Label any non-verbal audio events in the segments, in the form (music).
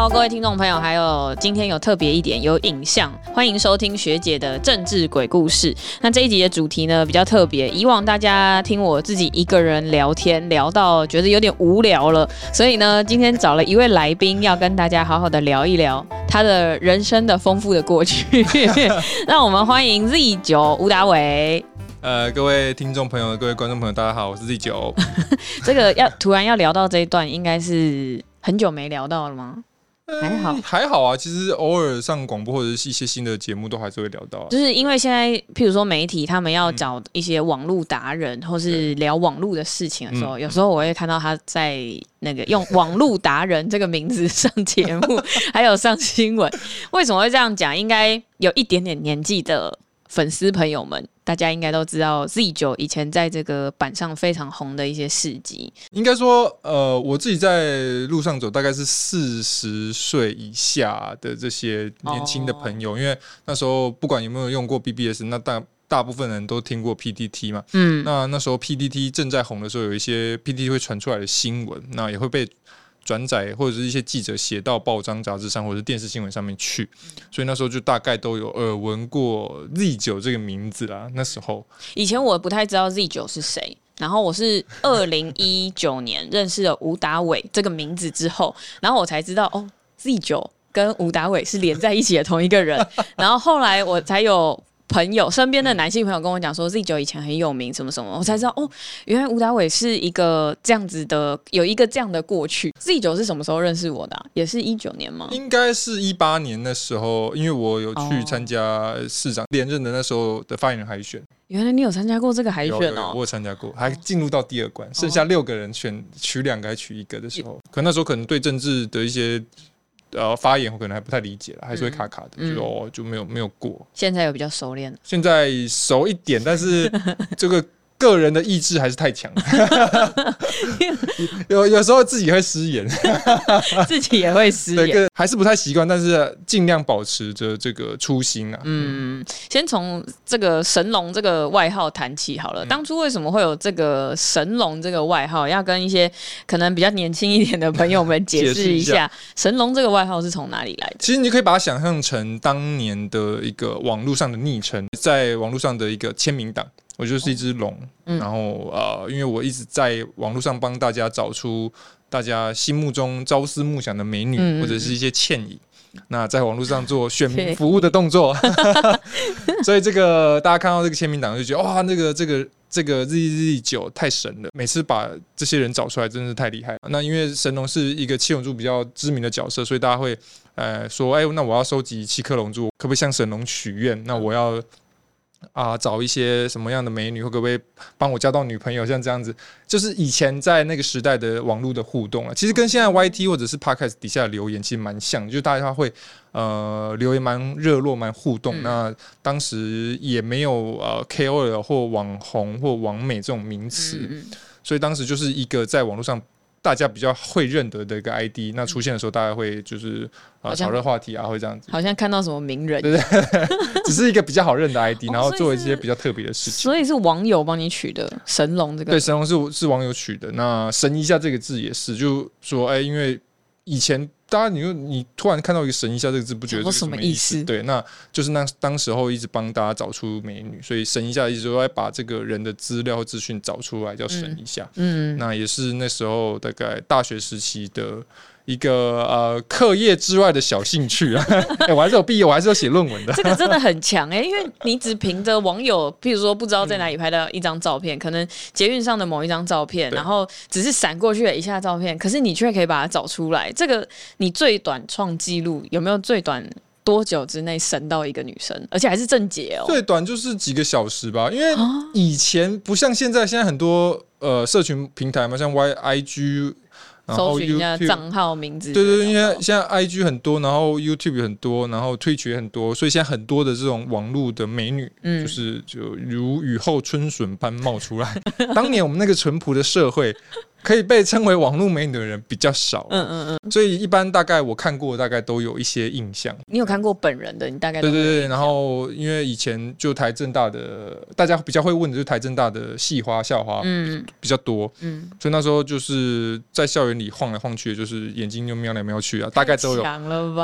好，各位聽眾朋友，還有今天有特別一點，有影像，歡迎收聽學姐的政治鬼故事。那這一集的主題呢，比較特別，以往大家聽我自己一個人聊天，聊到覺得有點無聊了，所以呢，今天找了一位來賓，要跟大家好好的聊一聊他的人生的豐富的過去。讓 (laughs) (laughs) 我們歡迎 Z9 吳達偉。呃，各位聽眾朋友，各位觀眾朋友，大家好，我是 Z9。 (laughs) 這個要突然要聊到這一段， (laughs) 應該是很久沒聊到了嗎？還好還好啊，其實偶爾上廣播或者是一些新的節目，都還是會聊到。就是因為現在，譬如說媒體他們要找一些網絡達人，或是聊網絡的事情的時候，有時候我會看到他在那個用“網絡達人”這個名字上節目，還有上新聞。為什麼會這樣講？應該有一點點年紀的粉絲朋友們。大家應該都知道 Z9 以前在這個版上非常紅的一些事蹟。應該說，呃，我自己在路上走，大概是四十歲以下的這些年輕的朋友，哦、因為那時候不管有沒有用過 BBS，那大大部分人都聽過 PTT 嘛。嗯。那那時候 PTT 正在紅的時候，有一些 PTT 會傳出來的新聞，那也會被轉載或者是一些記者寫到報章、雜誌上，或者是電視新聞上面去，所以那時候就大概都有耳聞、呃、過 Z 九這個名字啦。那時候以前我不太知道 Z 九是誰，然後我是二零一九年認識了吳達偉這個名字之後， (laughs) 然後我才知道哦，Z 九跟吳達偉是連在一起的同一個人， (laughs) 然後後來我才有。朋友身邊的男性朋友跟我講說，Z 九以前很有名，什麼什麼，我才知道哦，原來吳達偉是一個這樣子的，有一個這樣的過去。Z 九是什麼時候認識我的啊？也是一九年嗎？應該是一八年的時候，因為我有去參加市長連任的那時候的發言人海選。原來你有參加過這個海選哦？有有有，我有參加過，還進入到第二關，剩下六個人選，取兩個還取一個的時候，可那時候可能對政治的一些。呃，發言我可能還不太理解了，還是會卡卡的，嗯、就說、嗯、就沒有沒有過。現在有比較熟練了。現在熟一點，但是這個。 (laughs) 個人的意志還是太強 (laughs) (laughs) 有有時候自己會失言，自己也會失言， (laughs) 會失言，還是不太習慣，但是盡量保持着這個初心啊。嗯，先從這個“神龍”這個外號談起好了。當初為什麼會有這個“神龍”這個外號？要跟一些可能比較年輕一點的朋友們解釋一下，“神龍”這個外號是從哪裡來的、嗯的，裡來的？其實你可以把它想象成當年的一個網絡上的昵稱，在網絡上的一個簽名檔。我就是一隻龍、哦嗯，然後呃，因為我一直在網絡上幫大家找出大家心目中朝思暮想的美女，嗯嗯嗯或者是一些倩影，那在網絡上做選民服務的動作， (laughs) (laughs) 所以這個大家看到這個簽名檔就覺得哇，那個這個這個 ZZZ9 太神了，每次把這些人找出來真的是太厲害。那因為神龍是一個七龍珠比較知名的角色，所以大家會呃說，哎、欸，那我要收集七顆龍珠，可不可以向神龍許願？那我要。啊，找一些什麼樣的美女，會不會幫我交到女朋友？像這樣子，就是以前在那個時代的網絡的互動啊，其實跟現在 Y T 或者是 Podcast 底下的留言其實蠻像，就大家會呃留言蠻熱絡、蠻互動、嗯。那當時也沒有呃 K O l 或網紅或網美這種名詞、嗯，所以當時就是一個在網絡上。大家比較會認得的一個 ID，那出現的時候，大家會就是啊討論話題啊，會這樣子，好像看到什麼名人，對不對，對？ (laughs) (laughs) 只是一個比較好認的 ID，然後做一些比較特別的事情。哦所，所以是網友幫你取的“神龍”這個，對，“神龍”是是網友取的。那“神”一下這個字也是，就說哎、欸，因為以前。大家你，你就你突然看到一個“神一下”這個字，不覺得是什麼,什麼意思？對，那就是那當時候一直幫大家找出美女，所以“神一下”一直都在把這個人的資料資訊找出來，叫“神一下”嗯。嗯,嗯，那也是那時候大概大學時期的。一個呃，課業之外的小興趣啊。 (laughs) 欸，我還是有畢業，我還是有寫論文的。 (laughs) 這個真的很強哎、欸，因為你只憑着網友，譬如說不知道在哪裡拍的一張照片、嗯，可能捷運上的某一張照片，然後只是閃過去了一下照片，可是你卻可以把它找出來。這個你最短創紀錄有沒有最短多久之內神到一個女生，而且還是正解哦、喔？最短就是幾個小時吧，因為以前不像現在，現在很多呃社群平台嘛，像 YIG。搜尋一下賬號名字。對對，對，因為現在 IG 很多，然後 YouTube 很多，然後 Twitch 也很多，所以現在很多的這種網絡的美女，嗯，就是就如雨後春筍般冒出來。 (laughs) 當年我們那個淳樸的社會。可以被稱為網絡美女的人比較少，嗯嗯嗯，所以一般大概我看過，大概都有一些印象。你有看過本人的？你大概都有印象，對對對。然後因為以前就台政大的，大家比較會問的就是台政大的系花校花，嗯，比較多，嗯，嗯，所以那時候就是在校園裡晃來晃去，就是眼睛就瞄來瞄去啊，大概都有，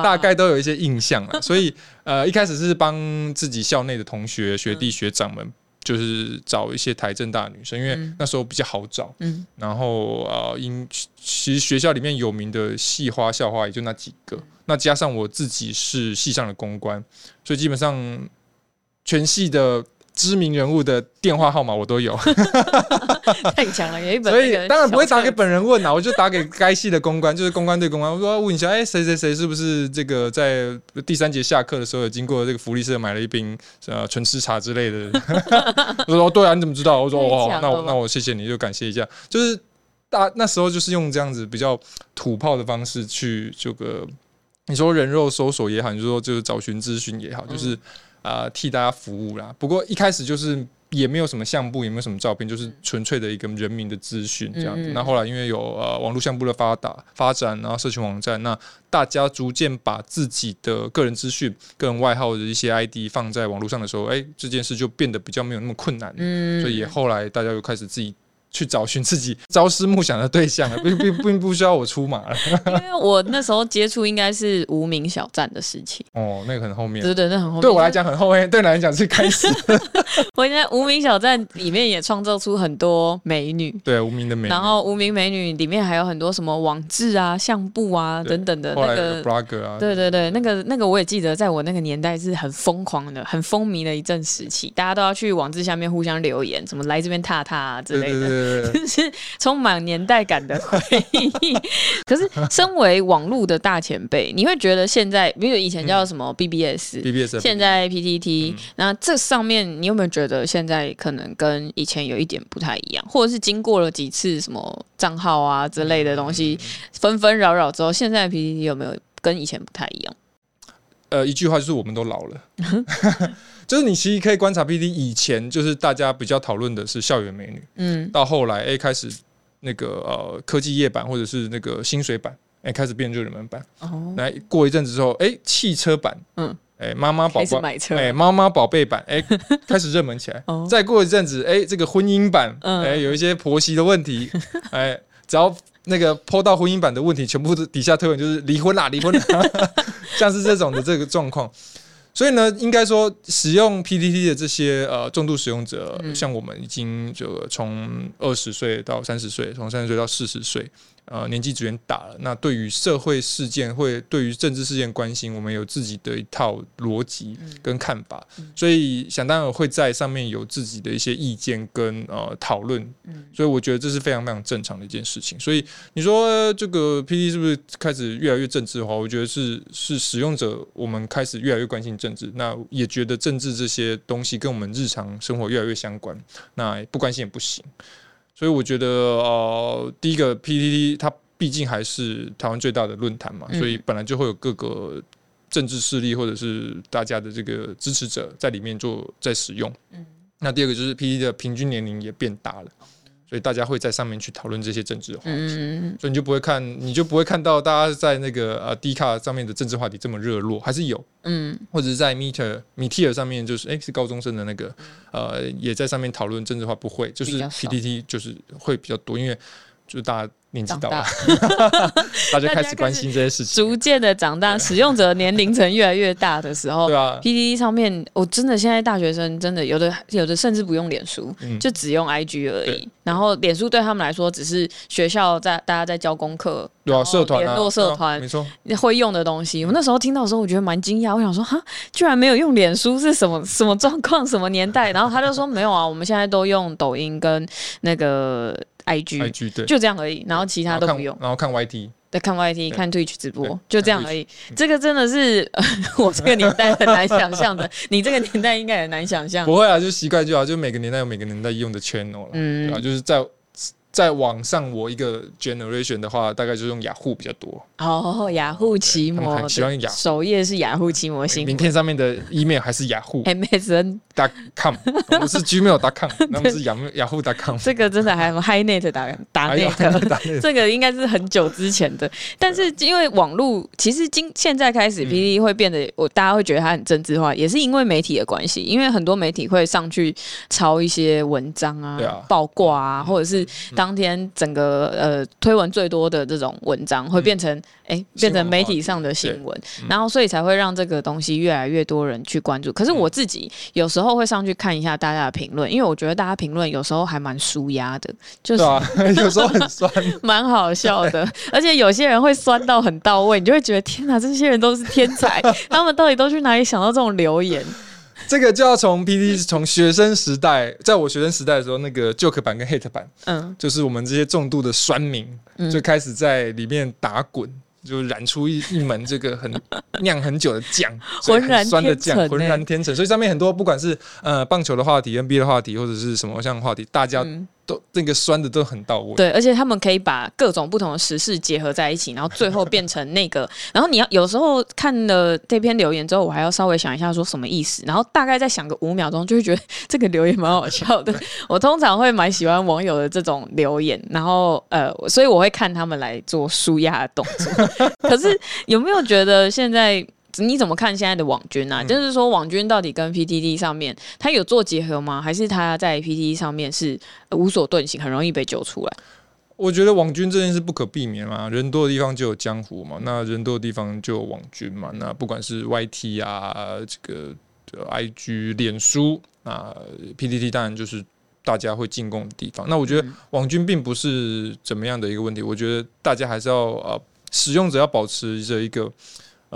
大概都有一些印象了。所以呃，一開始是幫自己校內的同學、學弟、學長們。嗯嗯就是找一些台政大的女生，因為那時候比較好找。嗯嗯、然後啊，因、呃、其實學校裡面有名的系花校花也就那幾個、嗯，那加上我自己是系上的公關，所以基本上全系的。知名人物的電話號碼我都有，太強了，所以當然不會打給本人問吶，我就打給該系的公關，就是公關對公關。我說問一下，哎，誰誰誰是不是這個在第三節下課的時候經過這個福利社買了一瓶呃純吃茶之類的？ (laughs) (laughs) 我說、哦、對啊，你怎麼知道？我說哦，哦，哦、那我那我謝謝你就感謝一下，就是打那時候就是用這樣子比較土炮的方式去這個你說人肉搜索也好，你說就是找尋資訊也好，就是、嗯。啊、呃，替大家服務啦。不過一開始就是也沒有什麼相簿，也沒有什麼照片，就是純粹的一個人民的資訊這樣子，嗯嗯嗯。那後來因為有呃網絡相簿的發達發展，然後社群網站，那大家逐漸把自己的個人資訊、個人外號的一些 ID 放在網絡上的時候，哎、欸，這件事就變得比較沒有那麼困難。嗯、嗯、嗯、嗯，所以後來大家又開始自己。去找尋自己朝思暮想的對象了，並並並不需要我出馬了。 (laughs) 因為我那時候接觸應該是無名小站的事情。哦，那個很後面，對對，對，那很後面。對我來講很後面，就是、對你來講是開始。 (laughs) 我應該無名小站裡面也創造出很多美女，對無名的美女。然後無名美女裡面還有很多什麼網志啊、相簿啊等等的那個，個 Blogger 啊對對對，對對對，那個那個我也記得，在我那個年代是很瘋狂的、很風靡的一陣時期，大家都要去網志下面互相留言，什麼來這邊踏踏啊之類的。對對對對就 (laughs) 是充滿年代感的回憶。可是，身為網絡的大前輩，你會覺得現在，比如以前叫什麼 BBS，BBS，現在 PTT，那這上面你有沒有覺得現在可能跟以前有一點不太一樣？或者是經過了幾次什麼賬號啊之類的東西紛紛擾擾之後，現在 PTT 有沒有跟以前不太一樣 (laughs) ？呃，一句話就是我們都老了。 (laughs) 就是你其實可以觀察 p D，以前就是大家比較討論的是校園美女，嗯，到後來哎、欸、開始那個呃科技業版或者是那個薪水版哎、欸、開始變熱門版，來、哦、過一陣子之後哎、欸、汽車版，嗯，哎媽媽寶寶買車媽媽寶貝版，哎開始熱、欸欸、 (laughs) 門起來，哦、再過一陣子哎、欸、這個婚姻版，哎、嗯欸、有一些婆媳的問題，哎、欸、只要那個 po 到婚姻版的問題，全部都底下推文就是離婚啦、離婚啦，啦 (laughs) 像是這種的這個狀況。 (laughs) 所以呢，應該說使用 PTT 的這些呃重度使用者，嗯、像我們已經就從二十歲到三十歲，從三十歲到四十歲。呃，年紀逐漸大了，那對於社會事件會對於政治事件關心，我們有自己的一套邏輯跟看法，嗯嗯，所以想當然會在上面有自己的一些意見跟呃討論，嗯，所以我覺得這是非常非常正常的一件事情。所以你說、呃、這個 PTT 是不是開始越來越政治化？我覺得是是使用者我們開始越來越關心政治，那也覺得政治這些東西跟我們日常生活越來越相關，那不關心也不行。所以我覺得，呃，第一個 PTT 它畢竟還是台灣最大的論壇嘛，嗯，所以本來就會有各個政治勢力或者是大家的這個支持者在裡面做在使用，嗯。那第二個就是 PTT 的平均年齡也變大了。所以大家會在上面去討論這些政治話題，嗯，所以你就不會看，你就不會看到大家在那個呃 D 卡上面的政治話題這麼熱絡，還是有，嗯，或者是在 meter meter 上面就是哎、欸、是高中生的那個、嗯、呃，也在上面討論政治話，不會，就是 PTT 就是會比較多，因為就大家。年紀大，大家開始關心這些事情，逐漸的長大，使用者年齡層越來越大的時候，PTT 上面，我真的現在大學生真的有的有的甚至不用臉書，嗯、就只用 I G 而已。然後臉書對他們來說只是學校在大家在教功課，對啊，社團聯絡社團，會用的東西。我那時候聽到的時候，我覺得蠻驚訝，我想說哈，居然沒有用臉書是什麼什麼狀況，什麼年代？然後他就說沒有啊，我們現在都用抖音跟那個。I G，對，就這樣而已，然後其他都不用，對然後看 Y T，再看 Y T，看,看 Twitch 直播，就這樣而已。Witch, 這個真的是、呃、我這個年代很難想象的， (laughs) 你這個年代應該也很難想象。不會啊，就習慣就好，就每個年代有每個年代用的 channel 了，後、嗯啊、就是在。在網上，我一個 generation 的話，大概就用雅虎比較多。哦、oh，雅虎奇摩，喜歡用首頁是雅虎奇摩型。名片上面的 email 還是雅虎 msn o n com，不是 gmail com， (laughs) 那不是雅雅虎 d o com。這個真的還 high net d、哎、o 打,、哎、打 (laughs) 這個應該是很久之前的。但是因為網絡，其實今現在開始，PTT 會變得，我、嗯、大家會覺得它很政治化，也是因為媒體的關係，因為很多媒體會上去抄一些文章啊、爆卦啊，啊、嗯，或者是當，當天整個呃推文最多的這種文章會變成哎、欸、變成媒體上的新聞，然後所以才會讓這個東西越來越多人去關注。可是我自己有時候會上去看一下大家的評論，因為我覺得大家評論有時候還蠻舒壓的，就是、啊、有時候很酸，蠻 (laughs) 好笑的。而且有些人會酸到很到位，你就會覺得天哪，這些人都是天才，他們到底都去哪裡想到這種留言？這個就要從 PTT，從學生時代，在我學生時代的時候，那個 Joke 版跟 Hate 版、嗯，就是我們這些重度的酸民、嗯、就開始在裡面打滾，就染出一一門這個很釀很久的醬，嗯、很酸的醬，渾、嗯、然，然天成。所以上面很多不管是呃棒球的話題、NBA 的話題，或者是什麼像話題，大家、嗯。都那個酸的都很到位，對，而且他們可以把各種不同的時事結合在一起，然後最後變成那個。 (laughs) 然後你要有時候看了這篇留言之後，我還要稍微想一下說什麼意思，然後大概再想個五秒鐘，就會覺得這個留言蠻好笑的。 (laughs) 我通常會蠻喜歡網友的這種留言，然後呃，所以我會看他們來做紓壓的動作。 (laughs) 可是有沒有覺得現在？你怎麼看現在的網軍呢、啊、就是說，網軍到底跟 P T T 上面他、嗯、有做結合嗎？還是他在 P T T 上面是無所遁形，很容易被揪出來？我覺得網軍這件事不可避免嘛，人多的地方就有江湖嘛，那人多的地方就有網軍嘛。那不管是 Y T 啊，這個 I G、臉書啊，P T T 當然就是大家會進攻的地方。那我覺得網軍並不是怎麼樣的一個問題，我覺得大家還是要、呃、使用者要保持着一個。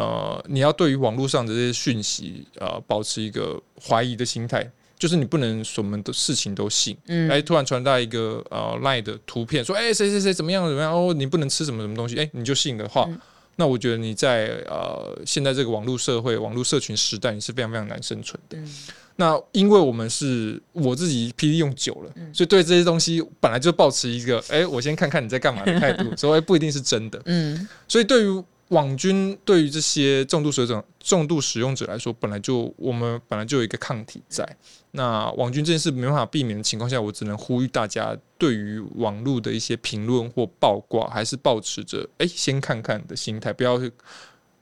呃，你要對於網絡上的這些訊息，呃，保持一個懷疑的心態，就是你不能什麼的事情都信。嗯，哎、欸，突然傳達一個呃賴的圖片，說哎誰誰誰怎麼樣怎麼樣哦，你不能吃什麼什麼東西，哎、欸，你就信的話，嗯、那我覺得你在呃現在這個網絡社會、網絡社群時代，你是非常非常難生存的。嗯、那因為我們是我自己批踢踢用久了、嗯，所以對這些東西本來就抱持一個哎、欸，我先看看你在幹嘛的態度，所 (laughs) 以、欸、不一定是真的。嗯，所以對於。網軍對於這些重度使用者、重度使用者來說，本來就我們本來就有一個抗體在。那網軍這件事沒辦法避免的情況下，我只能呼籲大家，對於網絡的一些評論或曝光，還是保持着哎、欸、先看看的心態，不要去。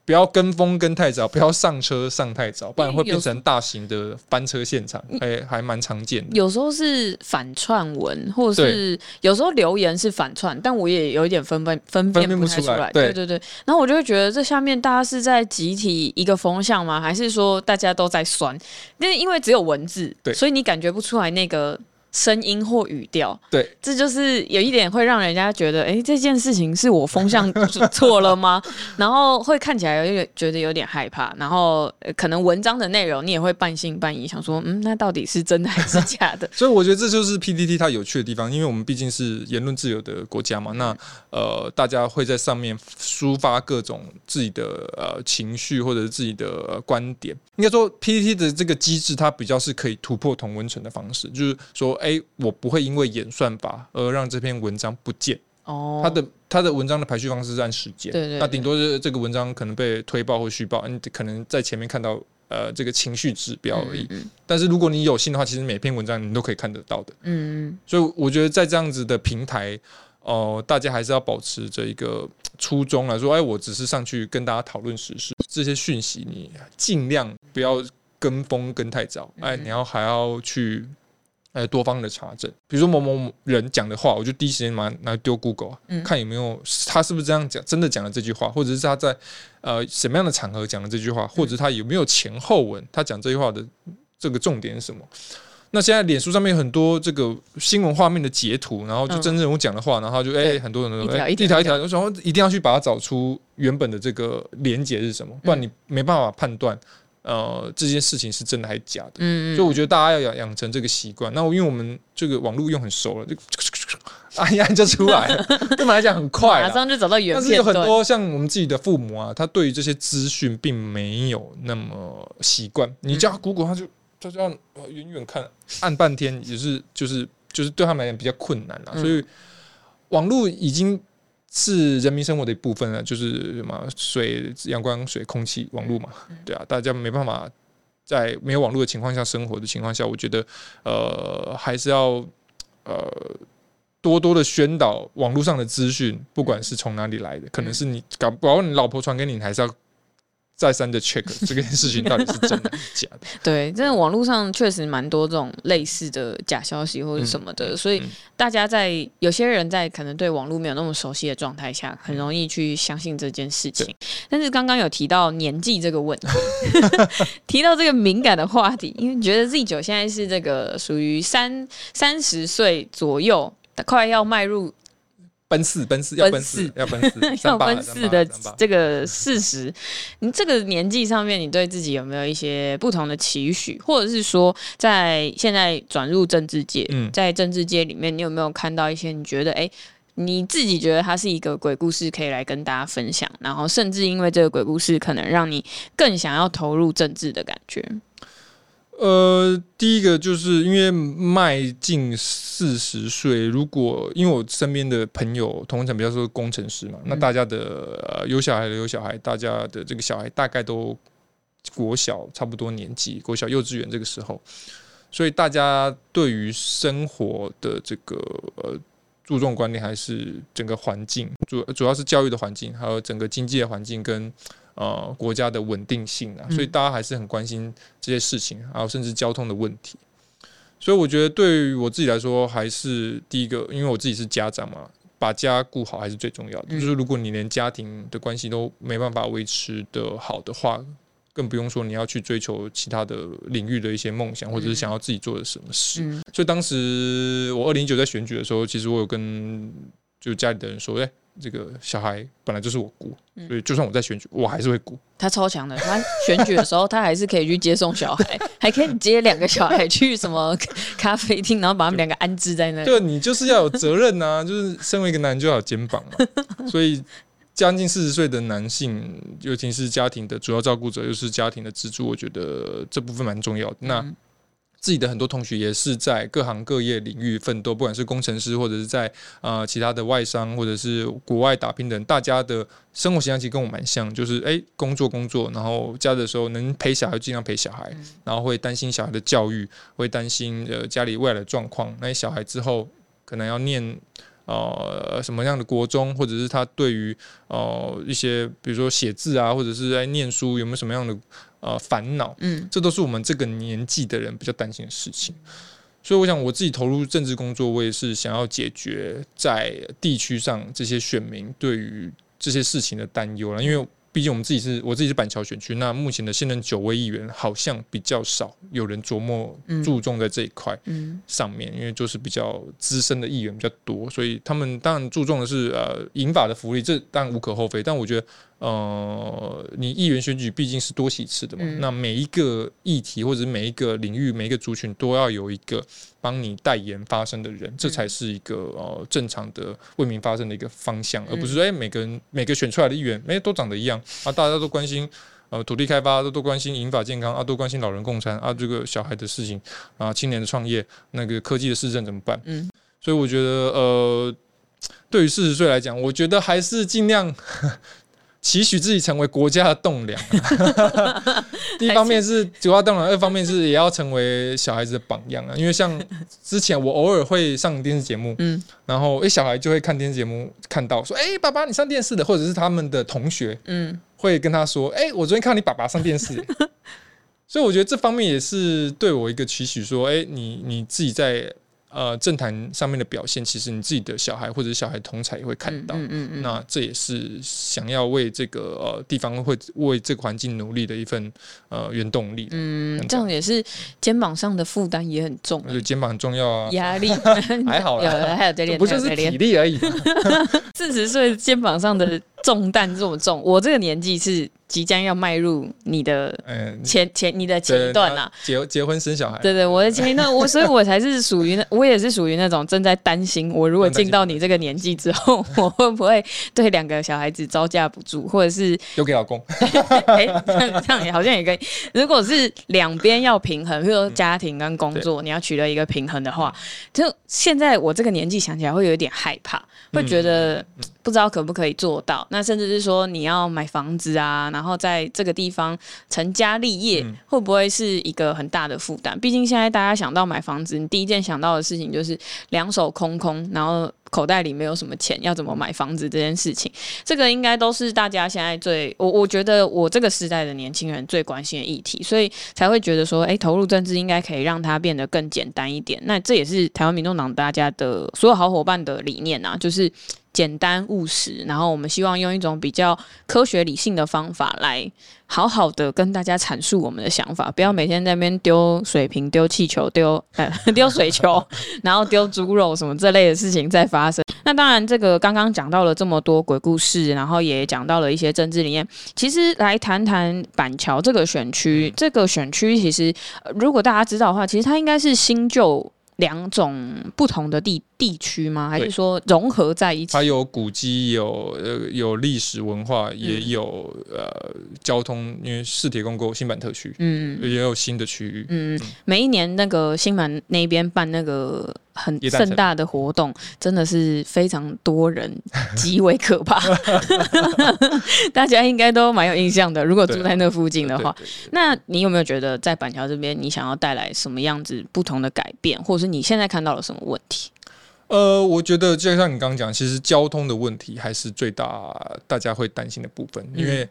不要跟風跟太早，不要上車上太早，嗯、不然會變成大型的翻車現場。哎，還還蠻常見的。有時候是反串文，或者是有時候留言是反串，但我也有一點分，分，分辨不太出來，分辨不出來。對對對，對然後我就會覺得這下面大家是在集體一個風向嗎？還是說大家都在酸？那因為只有文字，對，所以你感覺不出來那個。聲音或語調，對，這就是有一點會讓人家覺得，哎，這件事情是我風向錯了嗎？ (laughs) 然後會看起來有點覺得有點害怕，然後可能文章的內容你也會半信半疑，想說，嗯，那到底是真的還是假的？ (laughs) 所以我覺得這就是 PTT 它有趣的地方，因為我們畢竟是言論自由的國家嘛。那呃，大家會在上面抒發各種自己的呃情緒或者是自己的、呃是自己的呃、觀點。應該說 PTT 的這個機制，它比較是可以突破同溫層的方式，就是說。A, 我不會因為演算法而讓這篇文章不見。哦、oh.，他的他的文章的排序方式是按時間，那頂多是這個文章可能被推爆或噓爆，啊、你可能在前面看到呃這個情緒指標而已嗯嗯。但是如果你有心的話，其實每篇文章你都可以看得到的。嗯所以我覺得在這樣子的平台，哦、呃，大家還是要保持這一個初衷來說，哎，我只是上去跟大家討論時事這些訊息，你儘量不要跟風跟太早。嗯嗯哎，你要還要去。有多方的查證，比如說某某人講的話，我就第一時間拿拿丟 Google、嗯、看有沒有他是不是這樣講，真的講了這句話，或者是他在呃什麼樣的場合講了這句話，嗯、或者他有沒有前後文，他講這句話的這個重點是什麼？那現在臉書上面有很多這個新聞畫面的截圖，然後就真正我講的話，嗯、然後就誒、欸、很多人都一條、欸、一條，有時候一,一,一,一,一,一,一定要去把它找出原本的這個連結是什麼，不然你沒辦法判斷。嗯嗯呃，這件事情是真的還是假的？嗯,嗯，所以我覺得大家要養養成這個習慣。那因為我們這個網絡用很熟了，就按按、哎、就出來了， (laughs) 對我們來講很快，但是有很多像我們自己的父母啊，他對於這些資訊並沒有那麼習慣。你叫他 Google 他就、嗯、他就,他就遠遠看按半天，也是就是、就是、就是對他們來講比較困難啊、嗯。所以網絡已經。是人民生活的一部分啊，就是什麼水、陽光、水、空氣、網絡嘛，對啊、嗯，大家沒辦法在沒有網絡的情況下生活的情況下，我覺得呃還是要呃多多的宣導網絡上的資訊，不管是從哪裡來的，嗯、可能是你搞，包括你老婆傳給你，你還是要。再三的 check 這個事情到底是真的 (laughs) 假的？對，真的網絡上確實蠻多這種類似的假消息或者什麼的、嗯，所以大家在、嗯、有些人在可能對網絡沒有那麼熟悉的狀態下，很容易去相信這件事情。但是剛剛有提到年紀這個問題， (laughs) (laughs) 提到這個敏感的話題，因為覺得 Z9 現在是這個屬於三三十歲左右，快要邁入。奔四，奔四要奔四，要奔四，奔四要，奔四 (laughs) 要奔四的這個事實。你這個年紀上面，你對自己有沒有一些不同的期許？或者是說，在現在轉入政治界，嗯、在政治界裡面，你有沒有看到一些你覺得，哎，你自己覺得它是一個鬼故事，可以來跟大家分享？然後，甚至因為這個鬼故事，可能讓你更想要投入政治的感覺。呃，第一個就是因為邁進四十歲，如果因為我身邊的朋友通常比較說工程師嘛，嗯、那大家的、呃、有小孩的有小孩，大家的這個小孩大概都國小差不多年級，國小幼稚園這個時候，所以大家對於生活的這個呃注重觀念還是整個環境主、呃、主要是教育的環境，還有整個經濟的環境跟。呃，國家的穩定性啊，所以大家還是很關心這些事情，還、嗯、有、啊、甚至交通的問題。所以我覺得，對於我自己來說，還是第一個，因為我自己是家長嘛，把家顧好還是最重要的、嗯。就是如果你連家庭的關係都沒辦法維持得好的話，更不用說你要去追求其他的領域的一些夢想，或者是想要自己做的什麼事、嗯嗯。所以當時我二零一九在選舉的時候，其實我有跟。就家裡的人說，哎、欸，這個小孩本來就是我顧、嗯，所以就算我在選舉，我還是會顧。他超強的，他選舉的時候， (laughs) 他還是可以去接送小孩，還可以接兩個小孩去什麼咖啡廳，然後把他們兩個安置在那裡。對，你就是要有責任吶、啊， (laughs) 就是身為一個男人就要有肩膀嘛。所以將近四十歲的男性，尤其是家庭的主要照顧者，又是家庭的支柱，我覺得這部分蠻重要的。嗯、那。自己的很多同學也是在各行各業領域奮鬥，不管是工程師或者是在呃其他的外商或者是國外打拼的人，大家的生活形象其實跟我蠻像，就是誒、欸、工作工作，然後家的時候能陪小孩盡量陪小孩，然後會擔心小孩的教育，會擔心呃家裡未來的狀況，那些小孩之後可能要念呃什麼樣的國中，或者是他對於呃一些比如說寫字啊，或者是在，欸、唸書有沒有什麼樣的？呃，煩惱，嗯，這都是我們這個年紀的人比較擔心的事情。所以，我想我自己投入政治工作，我也是想要解決在地區上這些選民對於這些事情的擔憂了。因為畢竟我們自己是，我自己是板橋選區，那目前的現任九位議員好像比較少有人琢磨，注重在這一塊嗯上面嗯嗯，因為就是比較資深的議員比較多，所以他們當然注重的是呃，銀髮的福利，這當然無可厚非，但我覺得。呃，你議員選舉畢竟是多席次的嘛、嗯，那每一個議題或者每一個領域、每一個族群都要有一個幫你代言發聲的人、嗯，這才是一個呃正常的為民發聲的一個方向，嗯、而不是說哎、欸，每個人每個選出來的議員，哎、欸、都長得一樣啊，大家都關心呃、啊、土地開發，都都關心銀髮健康啊，都關心老人共餐啊，這個小孩的事情啊，青年的創業，那個科技的市政怎麼辦？嗯、所以我覺得呃，對於四十歲來講，我覺得還是盡量。 (laughs) 期許自己成為國家的棟梁，一方面是主要棟梁，第二方面是也要成為小孩子的榜樣啊。因為像之前我偶爾會上電視節目，嗯、然後誒小孩就會看電視節目，看到說，哎、欸，爸爸你上電視的，或者是他們的同學，會跟他說，哎、欸，我昨天看到你爸爸上電視、欸。所以我覺得這方面也是對我一個期許，說，哎、欸，你你自己在。呃，政壇上面的表現，其實你自己的小孩或者小孩同才也會看到。嗯嗯，嗯那這也是想要為這個呃地方，會為這個環境努力的一份呃原動力。嗯，這樣也是肩膀上的負擔也很重。肩膀很重要啊，壓力 (laughs) 還好啦， (laughs) 有還有鍛鍊，就不就是體力而已嗎？四十歲肩膀上的。 (laughs) 重擔這麼重，我這個年紀是即將要邁入你的前、欸、你前，前你的前一段啦、啊，結結婚生小孩。對對，對，我的前一段，我所以，我才是屬於， (laughs) 我也是屬於那種正在擔心，我如果進到你這個年紀之後，我會不會對兩個小孩子招架不住，或者是丟給老公。哎、 (laughs) 欸，這樣也好像也可以。如果是兩邊要平衡，比如說家庭跟工作、嗯，你要取得一個平衡的話，就現在我這個年紀想起來會有一點害怕，會覺得。嗯嗯不知道可不可以做到？那甚至是說，你要買房子啊，然後在這個地方成家立業，嗯、會不會是一個很大的負擔？畢竟現在大家想到買房子，你第一件想到的事情就是兩手空空，然後。口袋裡沒有什麼錢，要怎麼買房子這件事情，這個應該都是大家現在最，我我覺得我這個時代的年輕人最關心的議題，所以才會覺得說，誒，投入政治應該可以讓它變得更簡單一點。那這也是台灣民眾黨大家的所有好夥伴的理念啊，就是簡單務實，然後我們希望用一種比較科學理性的方法來。好好的跟大家闡述我們的想法，不要每天在那邊丟水瓶、丟氣球、丟呃丟水球， (laughs) 然後丟豬肉什麼這類的事情在發生。那當然，這個剛剛講到了這麼多鬼故事，然後也講到了一些政治理念。其實來談談板橋這個選區，嗯、這個選區其實、呃、如果大家知道的話，其實它應該是新舊。兩種不同的地地區嗎？還是說融合在一起？它有古蹟，有呃有歷史文化，也有、嗯、呃交通，因為四鐵共構新板特區，嗯，也有新的區域嗯，嗯，每一年那個新板那邊辦那個。很盛大的活動，真的是非常多人， (laughs) 極為可怕。 (laughs) 大家應該都蠻有印象的，如果住在那附近的話。對對對對，那你有沒有覺得在板橋這邊，你想要帶來什麼樣子不同的改變，或者是你現在看到了什麼問題？呃，我覺得就像你剛剛講，其實交通的問題還是最大，大家會擔心的部分，嗯、因為。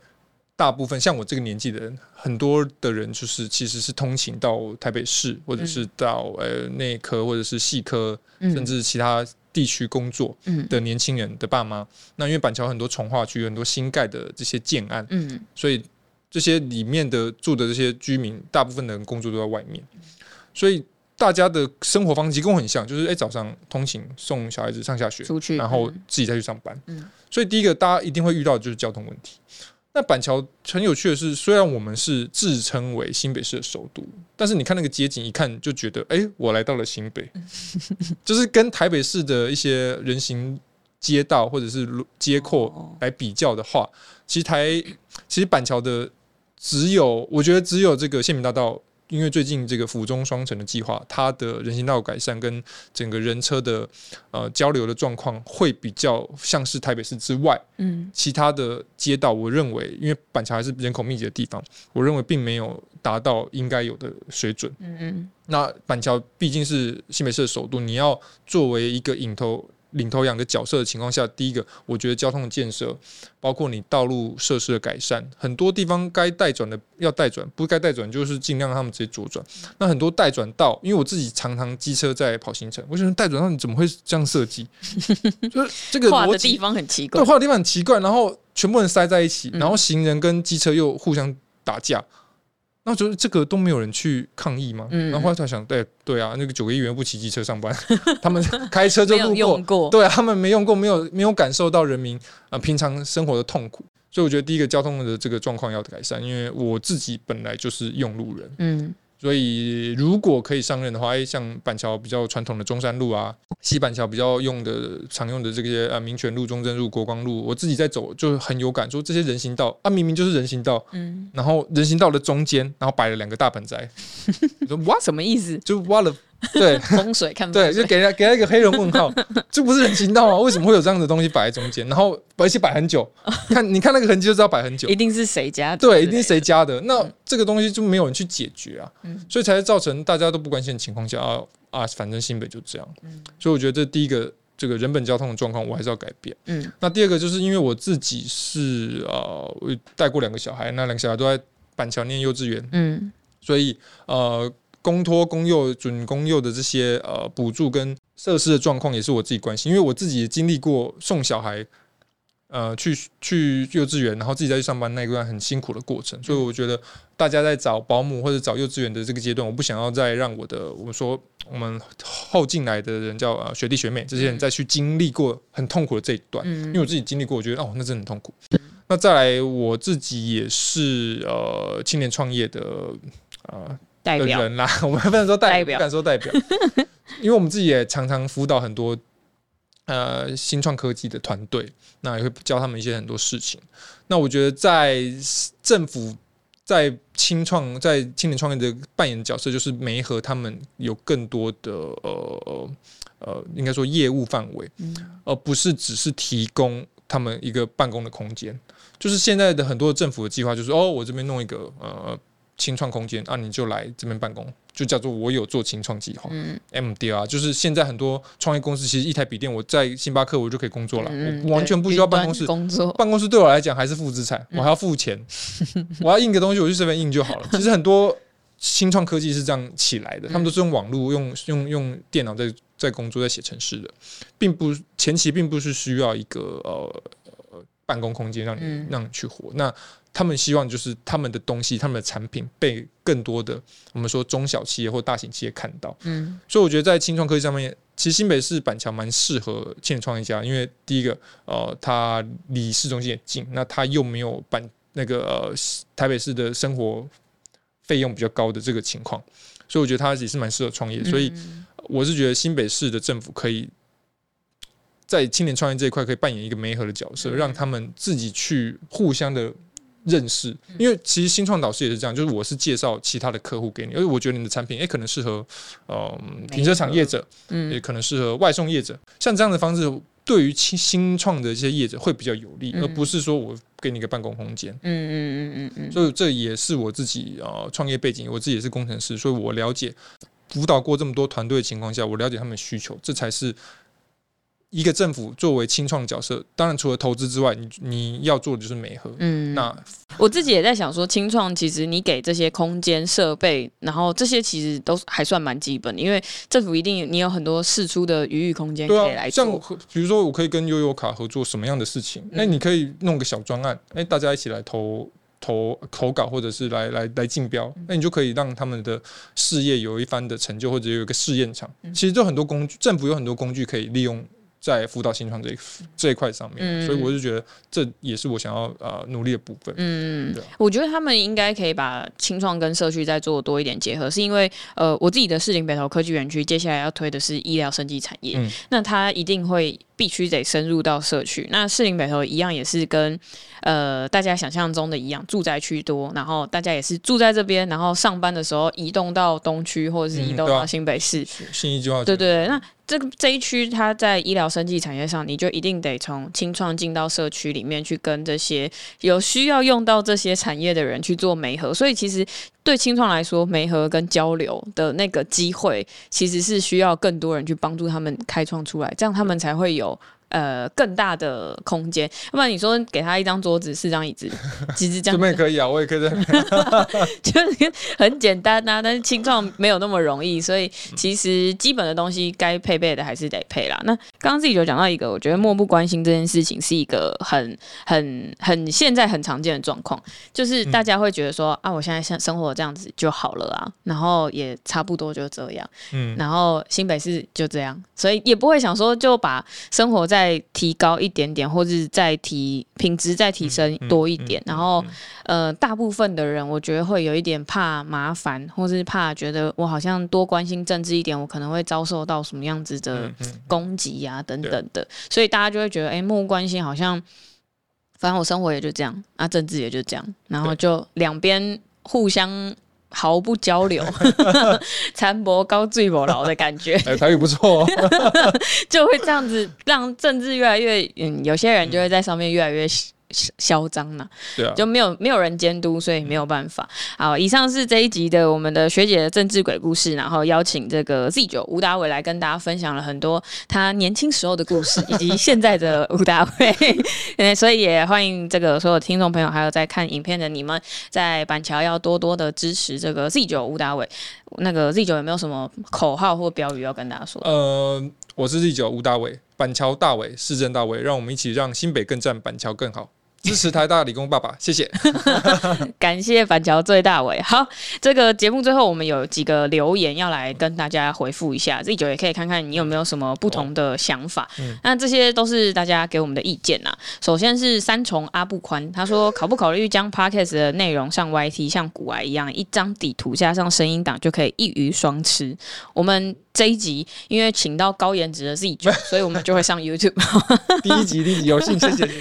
大部分像我這個年紀的人，很多的人就是其實是通勤到台北市，或者是到、嗯、呃內科或者是汐科，嗯、甚至其他地區工作的年輕人的爸媽、嗯。那因為板橋很多重劃區很多新蓋的這些建案、嗯，所以這些裡面的住的這些居民，大部分的人工作都在外面，所以大家的生活方式幾乎很像，就是哎、欸、早上通勤送小孩子上下學然後自己再去上班。嗯嗯、所以第一個大家一定會遇到的就是交通問題。那板橋很有趣的是，雖然我們是自稱為新北市的首都，但是你看那個街景，一看就覺得，哎、欸，我來到了新北。 (laughs) 就是跟台北市的一些人行街道或者是街廓來比較的話，其實台其實板橋的只有，我覺得只有這個縣民大道。因為最近這個府中雙城的計劃，它的人行道改善跟整個人車的呃交流的狀況，會比較像是台北市之外，嗯，其他的街道，我認為，因為板橋還是人口密集的地方，我認為並沒有達到應該有的水準，嗯嗯，那板橋畢竟是新北市的首都，你要作為一個引頭。領頭羊的角色的情況下，第一個，我覺得交通的建設，包括你道路設施的改善，很多地方該待轉的要待轉，不該待轉就是盡量讓他們直接左轉，嗯。那很多待轉道，因為我自己常常機車在跑行程，我覺得待轉道你怎麼會這樣設計？ (laughs) 就是這個畫的地方很奇怪，對，畫的地方很奇怪，然後全部人塞在一起，然後行人跟機車又互相打架。嗯嗯那我覺得這個都沒有人去抗議嗎？嗯、然後後來才想，對對啊，那個九個議員不騎機車上班， (laughs) 他們開車就路過，用過。對、啊、他們沒用過，沒有沒有感受到人民啊、呃、平常生活的痛苦，所以我覺得第一個交通的這個狀況要改善，因為我自己本來就是用路人，嗯。所以如果可以上任的話，哎，像板橋比較傳統的中山路啊，西板橋比較用的常用的這些呃、民權路、中正路、國光路，我自己在走就很有感，說這些人行道啊，明明就是人行道，嗯，然後人行道的中間，然後擺了兩個大盆栽，嗯、你說挖什麼意思？就挖了。對， (laughs) 風水看風水對，就給他給他一個黑人問號，這 (laughs) 不是人行道啊？為什麼會有這樣的東西擺在中間？然後而且擺很久，哦、看你看那個痕跡就知道擺很久，一定是誰家的，對，一定是誰家的。嗯、那這個東西就沒有人去解決啊，嗯、所以才造成大家都不關心的情況下啊啊，反正新北就這樣。嗯、所以我覺得這第一個這個人本交通的狀況，我還是要改變。嗯，那第二個就是因為我自己是啊、呃，我帶過兩個小孩，那兩個小孩都在板橋念幼稚園，嗯，所以呃。公托、公幼、準公幼的這些呃補助跟設施的狀況，也是我自己關心，因為我自己也經歷過送小孩呃去去幼稚園，然後自己再去上班那一段很辛苦的過程，所以我覺得大家在找保姆或者找幼稚園的這個階段，我不想要再讓我的我們說我們後進來的人叫呃學弟學妹這些人再去經歷過很痛苦的這一段，因為我自己經歷過，我覺得哦那真的很痛苦。那再來，我自己也是呃青年創業的呃。的人啦，我們不能說，說代表，不敢說代表，因為我們自己也常常輔導很多呃新創科技的團隊，那也會教他們一些很多事情。那我覺得，在政府在青創在青年創業的扮演角色，就是媒合他們有更多的呃呃，應該說業務範圍，而、呃、不是只是提供他們一個辦公的空間。就是現在的很多政府的計劃，就是哦，我這邊弄一個呃。清創空間，那、啊、你就來這邊辦公，就叫做我有做清創計劃。MDR 就是現在很多創業公司，其實一台筆電，我在星巴克我就可以工作了，嗯嗯我完全不需要辦公室。辦公室對我來講還是負資產、嗯，我還要付錢。 (laughs) 我要印個東西，我就這邊印就好了。其實很多新創科技是這樣起來的，他們都是用網路，用用用電腦在在工作，在寫程式的，並不前期並不是需要一個呃,呃辦公空間讓你、嗯、讓你去活那。他們希望就是他們的東西，他們的產品被更多的我們說中小企業或大型企業看到。嗯，所以我覺得在青創科技上面，其實新北市板橋蠻適合青年創業家，因為第一個，呃，它離市中心也近，那它又沒有辦那個呃台北市的生活費用比較高的這個情況，所以我覺得它也是蠻適合創業、嗯。所以我是覺得新北市的政府可以在青年創業這一塊可以扮演一個媒合的角色，嗯、讓他們自己去互相的。認識，因為其實新創導師也是這樣，就是我是介紹其他的客戶給你，因為我覺得你的產品，也可能適合，嗯、呃，停車場業者、嗯，也可能適合外送業者，像這樣的方式，對於新新創的一些業者會比較有利、嗯，而不是說我給你一個辦公空間，嗯嗯嗯嗯嗯，所以這也是我自己啊、呃、創業背景，我自己也是工程師，所以我了解輔導過這麼多團隊的情況下，我了解他們的需求，這才是。一個政府作為青創角色，當然除了投資之外，你你要做的就是媒合。嗯，那我自己也在想說，青創其實你給這些空間設備，然後這些其實都還算蠻基本的，因為政府一定你有很多釋出的餘裕空間可以來做。啊、像比如說，我可以跟悠遊卡合作什麼樣的事情？嗯、那你可以弄個小專案，那大家一起來投投投稿，或者是來來來競標，那你就可以讓他們的事業有一番的成就，或者有一個試驗場、嗯。其實，有很多工具，政府有很多工具可以利用。在輔導新創這一這一塊上面、嗯，所以我就覺得這也是我想要呃努力的部分。嗯，我覺得他們應該可以把青創跟社區再做多一點結合，是因為呃，我自己的士林北投科技園區接下來要推的是醫療生技產業，嗯、那它一定會。必須得深入到社區。那士林北投一樣也是跟，呃，大家想象中的一樣，住宅區多，然後大家也是住在這邊，然後上班的時候移動到東區或者是移動到新北市。新、嗯、一對、啊、對對對，那這個這一區它在醫療、生技產業上，你就一定得從青創進到社區裡面去，跟這些有需要用到這些產業的人去做媒合。所以其實。對青創來說，媒合跟交流的那個機會，其實是需要更多人去幫助他們開創出來，這樣他們才會有。呃，更大的空間，要不然你說給他一張桌子，四張椅子，其實這樣子 (laughs) 這也可以啊，我也可以， (laughs) (laughs) 就是很簡單吶、啊。但是情況沒有那麼容易，所以其實基本的東西該配備的還是得配啦。那剛剛自己就講到一個，我覺得漠不關心這件事情是一個很、很、很現在很常見的狀況，就是大家會覺得說、嗯、啊，我現在像生活這樣子就好了啊，然後也差不多就這樣，嗯，然後新北市就這樣，所以也不會想說就把生活在再提高一點點，或者再提品質再提升多一點，嗯嗯嗯嗯、然後呃，大部分的人我覺得會有一點怕麻煩，或是怕覺得我好像多關心政治一點，我可能會遭受到什麼樣子的攻擊啊等等的、嗯嗯嗯嗯，所以大家就會覺得哎，莫、欸、關心，好像反正我生活也就這樣，啊，政治也就這樣，然後就兩邊互相。毫不交流，殘博高醉不牢的感覺， (laughs) 哎，台語不錯哦， (laughs) (laughs) 就會這樣子讓政治越來越，嗯，有些人就會在上面越來越。囂張嘛，對啊，就沒有沒有人監督，所以沒有辦法。好，以上是這一集的我們的學姐的政治鬼故事，然後邀請這個 Z 九吳達偉來跟大家分享了很多他年輕時候的故事，以及現在的吳達偉。嗯， (laughs) (laughs) 所以也歡迎這個所有聽眾朋友，還有在看影片的你們，在板橋要多多的支持這個 Z 九吳達偉。那個 Z 九有沒有什麼口號或標語要跟大家說？呃，我是 Z 九吳達偉，板橋大偉，市政大偉，讓我們一起讓新北更讚，板橋更好。支持台大理工爸爸，謝謝。 (laughs) 感謝板橋最大尾。好，這個節目最後我們有幾個留言要來跟大家回覆一下，Z9 也可以看看你有沒有什麼不同的想法。嗯、那這些都是大家給我們的意見吶。首先是三重阿布寬，他說考不考慮將 podcast 的內容像 YT，像股癌一樣，一張底圖加上聲音檔就可以一魚雙吃。我們這一集因為請到高顏值的 Z9，所以我們就會上 YouTube (laughs) 。 (laughs) 第一集，第一集有幸，謝謝你。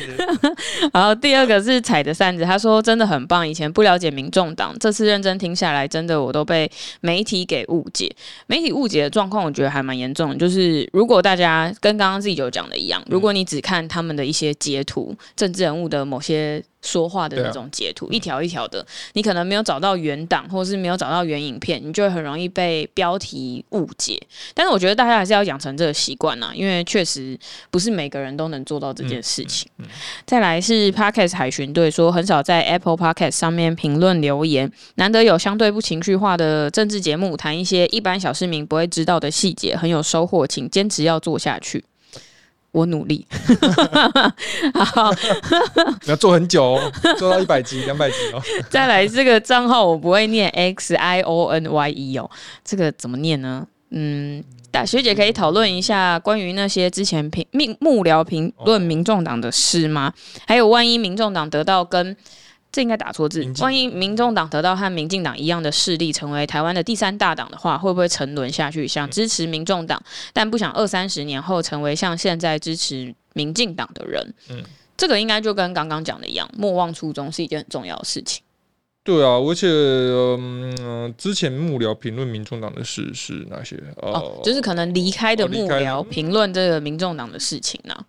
然後 (laughs) 第二個是踩的扇子，他說真的很棒。以前不了解民眾黨，這次認真聽下來，真的我都被媒體給誤解。媒體誤解的狀況，我覺得還蠻嚴重，就是如果大家跟剛剛 Z9 就講的一樣，如果你只看他們的一些截圖，政治人物的某些。說話的那種截圖，啊、一條一條的，你可能沒有找到原檔，或者是沒有找到原影片，你就會很容易被標題誤解。但是我覺得大家還是要養成這個習慣吶，因為確實不是每個人都能做到這件事情。嗯嗯嗯、再來是 Podcast 海巡隊說，很少在 Apple Podcast 上面評論留言，難得有相對不情緒化的政治節目，談一些一般小市民不會知道的細節，很有收穫，請堅持要做下去。我努力 (laughs) (laughs) 好，你要做很久哦， (laughs) 做到一百集、兩百集哦。 (laughs) 再來這個賬號，我不會念 X I O N Y E 哦，這個怎麼念呢？嗯，大學姐可以討論一下關於那些之前評民幕僚評論民眾黨的事嗎？還有，萬一民眾黨得到跟。這應該打錯字。萬一民眾黨得到和民進黨一樣的勢力，成為台灣的第三大黨的話，會不會沉淪下去？想支持民眾黨，嗯，但不想二三十年後成為像現在支持民進黨的人。嗯，這個應該就跟剛剛講的一樣，莫忘初衷是一件很重要的事情。對啊，而且，嗯，呃，之前幕僚評論民眾黨的事是哪些、呃？哦，就是可能離開的幕僚評論這個民眾黨的事情呢、啊。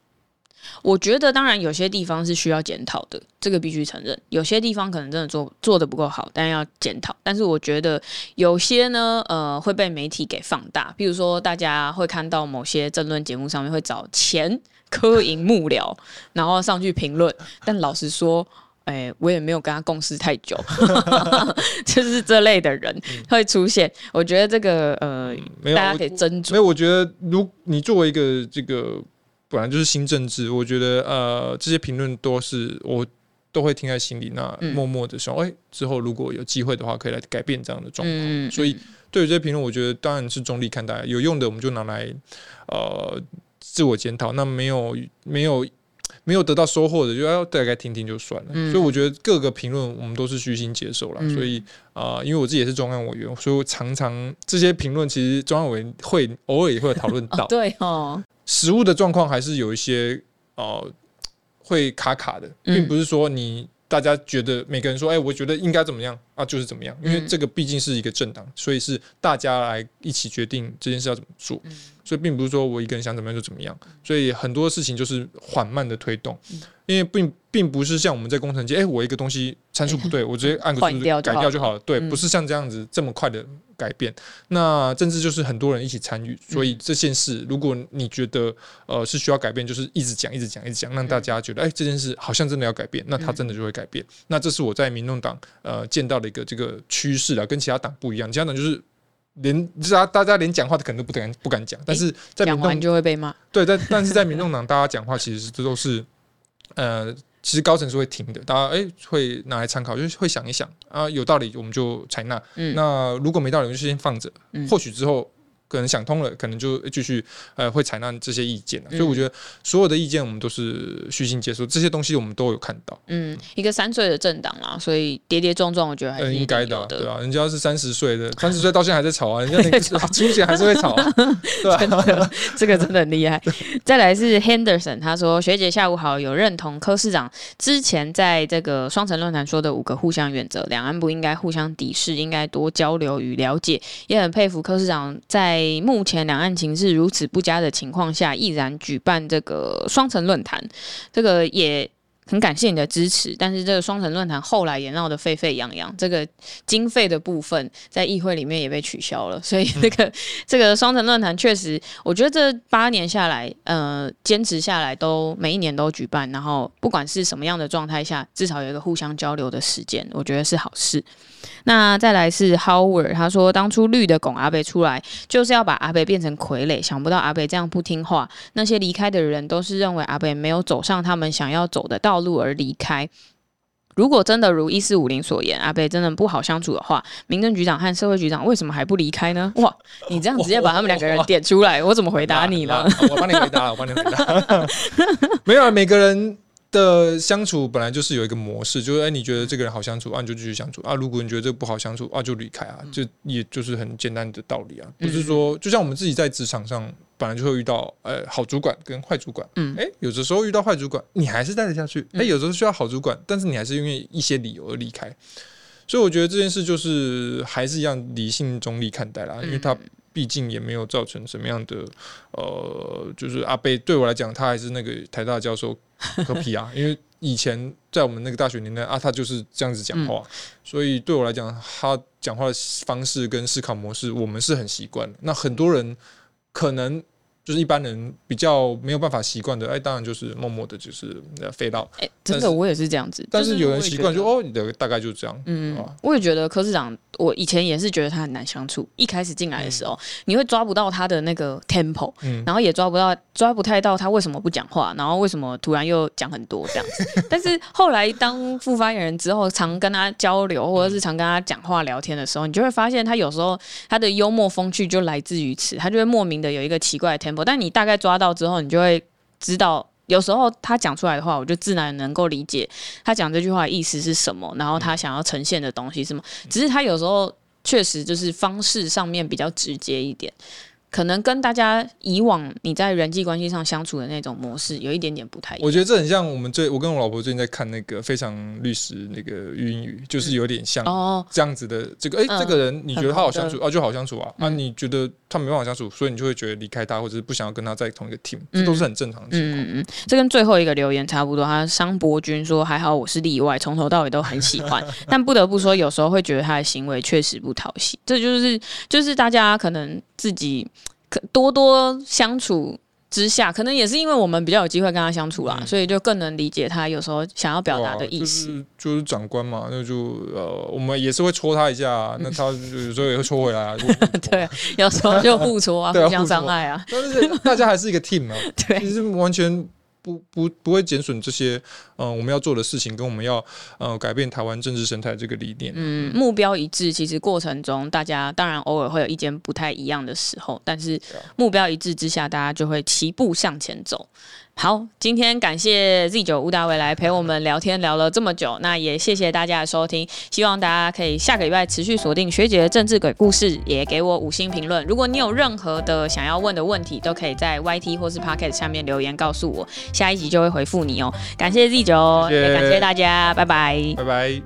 我覺得當然有些地方是需要檢討的，這個必須承認。有些地方可能真的做做的不夠好，但要檢討。但是我覺得有些呢，呃，會被媒體給放大。比如說，大家會看到某些政論節目上面會找前科影幕僚， (laughs) 然後上去評論。但老實說，哎、欸，我也沒有跟他共事太久， (laughs) 就是這類的人會出現。我覺得這個呃、嗯沒，大家可以斟酌。沒有，我覺得如果你作為一個這個。本來就是新政治，我覺得呃，這些評論都是我都會聽在心裡，那默默的說，哎、嗯欸，之後如果有機會的話，可以來改變這樣的狀況、嗯。所以對於這些評論，我覺得當然是中立看待，有用的我們就拿來呃自我檢討，那沒有沒有沒有得到收穫的，就、呃、大概聽聽就算了。嗯、所以我覺得各個評論我們都是虛心接受了、嗯。所以啊、呃，因為我自己也是中央委員，所以我常常這些評論其實中央委員會偶爾也會討論到， (laughs) 對哦。食物的狀況還是有一些哦、呃，會卡卡的，並不是說你大家覺得每個人說，哎、欸，我覺得應該怎麼樣啊，就是怎麼樣，因為這個畢竟是一個政黨，所以是大家來一起決定這件事要怎麼做，所以並不是說我一個人想怎麼樣就怎麼樣，所以很多事情就是緩慢的推動，因為並。並不是像我們在工程界，哎、欸，我一個東西參數不對，我直接按個數字改掉就好了。嗯、對，不是像這樣子這麼快的改變。那政治就是很多人一起參與，所以這件事，如果你覺得呃是需要改變，就是一直講，一直講，一直講，讓大家覺得哎、欸、這件事好像真的要改變，那它真的就會改變。嗯、那這是我在民眾黨呃見到的一個這個趨勢啊，跟其他黨不一樣。其他黨就是連大家大家連講話的可能都不敢不敢講，但是在民眾、欸、就會被罵。對，但但是在民眾黨 (laughs) 大家講話其實這都是呃。其實高層是會停的，大家哎、欸、會拿來參考，就是會想一想啊，有道理我們就採納，嗯，那如果沒道理我們就先放着，嗯，或許之後。可能想通了，可能就繼續呃，會採納這些意見、嗯、所以我覺得所有的意見我們都是虛心接受，這些東西我們都有看到。嗯，一個三歲的政黨啊，所以跌跌撞撞，我覺得還是應該的，嗯的啊、對吧、啊？人家是三十歲的，三十歲到現在還在吵啊， (laughs) 人家那個初選還是會吵、啊對啊，真的，這個真的很厲害。 (laughs) 再來是 Henderson，他說：“學姐下午好，有認同柯市長之前在這個雙城論壇說的五個互相原則，兩岸不應該互相敵視，應該多交流與了解，也很佩服柯市長在。”在目前兩岸情勢如此不佳的情況下，毅然舉辦這個雙城論壇，這個也。很感謝你的支持，但是這個雙城論壇後來也鬧得沸沸揚揚，這個經費的部分在議會裡面也被取消了，所以這個這個雙城論壇確實，我覺得這八年下來，呃，堅持下來都每一年都舉辦，然後不管是什麼樣的狀態下，至少有一個互相交流的時間，我覺得是好事。那再來是 Howard，他說當初綠的拱阿北出來，就是要把阿北變成傀儡，想不到阿北這樣不聽話，那些離開的人都是認為阿北沒有走上他們想要走的道。道路而離開。如果真的如一四五零所言，阿北真的不好相處的話，民政局長和社會局長為什麼還不離開呢？哇，你這樣直接把他們兩個人點出來，我怎麼回答你呢？我幫你, (laughs) 你,你回答，我幫你回答。沒有，每個人的相處本來就是有一個模式，就是哎、欸，你覺得這個人好相處啊，你就繼續相處啊；如果你覺得這個不好相處啊，就離開啊，這也就是很簡單的道理啊，嗯、不是說就像我們自己在職場上。本來就會遇到呃、欸、好主管跟壞主管，嗯、欸，有的時候遇到壞主管，你還是待得下去；誒、嗯欸，有的時候需要好主管，但是你還是因為一些理由而離開。所以我覺得這件事就是還是一樣理性中立看待啦，因為他畢竟也沒有造成什麼樣的、嗯、呃，就是阿伯對我來講，他還是那個台大教授，柯 P 啊。 (laughs) 因為以前在我們那個大學年代，阿、啊、他就是這樣子講話、嗯，所以對我來講，他講話的方式跟思考模式，我們是很習慣。那很多人。可能。就是一般人比較沒有辦法習慣的，哎、欸，當然就是默默的，就是飛到。哎、欸，真的，我也是這樣子。但是有人習慣就、就是、哦，你的大概就是這樣。嗯，我也覺得柯市長，我以前也是覺得他很難相處。一開始進來的時候、嗯，你會抓不到他的那個 tempo，嗯，然後也抓不到，抓不太到他為什麼不講話，然後為什麼突然又講很多這樣子。 (laughs) 但是後來當副發言人之後，常跟他交流，或者是常跟他講話聊天的時候、嗯，你就會發現他有時候他的幽默風趣就來自於此，他就會莫名的有一個奇怪的 tempo。但你大概抓到之後，你就會知道，有時候他講出來的話，我就自然能夠理解他講這句話意思是什麼，然後他想要呈現的東西是什麼。只是他有時候確實就是方式上面比較直接一點。可能跟大家以往你在人際關係上相處的那種模式有一點點不太一樣。我覺得這很像我們最我跟我老婆最近在看那個《非常律師》那個英語，語、嗯，就是有點像這樣子的。這個哎、哦欸，這個人你覺得他好相處、嗯、好啊，就好相處啊。那、嗯啊、你覺得他沒辦法相處，所以你就會覺得離開他，或者是不想要跟他在同一個 team，這都是很正常的情況。嗯嗯，嗯，嗯這跟最後一個留言差不多。他商伯君說：“還好我是例外，從頭到尾都很喜歡， (laughs) 但不得不說，有時候會覺得他的行為確實不討喜。”這就是就是大家可能自己。多多相處之下，可能也是因為我們比較有機會跟他相處啦、嗯，所以就更能理解他有時候想要表達的意思、啊就是。就是長官嘛，那就呃，我們也是會戳他一下、啊嗯，那他有時候也會戳回來、啊。 (laughs) (laughs) 對、啊，有時候就互戳啊，互相傷害啊，對啊。但是大家還是一個 team 啊，其實、 (laughs) 啊就是完全。不不不會減損這些，嗯、呃，我們要做的事情跟我們要呃改變台灣政治生態這個理念。嗯，目標一致，其實過程中大家當然偶爾會有意見不太一樣的時候，但是目標一致之下，大家就會齊步向前走。好，今天感謝 Z9 吳達偉來陪我們聊天聊了這麼久，那也謝謝大家的收聽，希望大家可以下個禮拜持續鎖定學姐的政治鬼故事，也給我五星評論。如果你有任何的想要問的問題，都可以在 YT 或是 Pocket 下面留言告訴我，下一集就會回復你哦、喔。感謝 Z9，也感謝大家，拜拜，拜拜。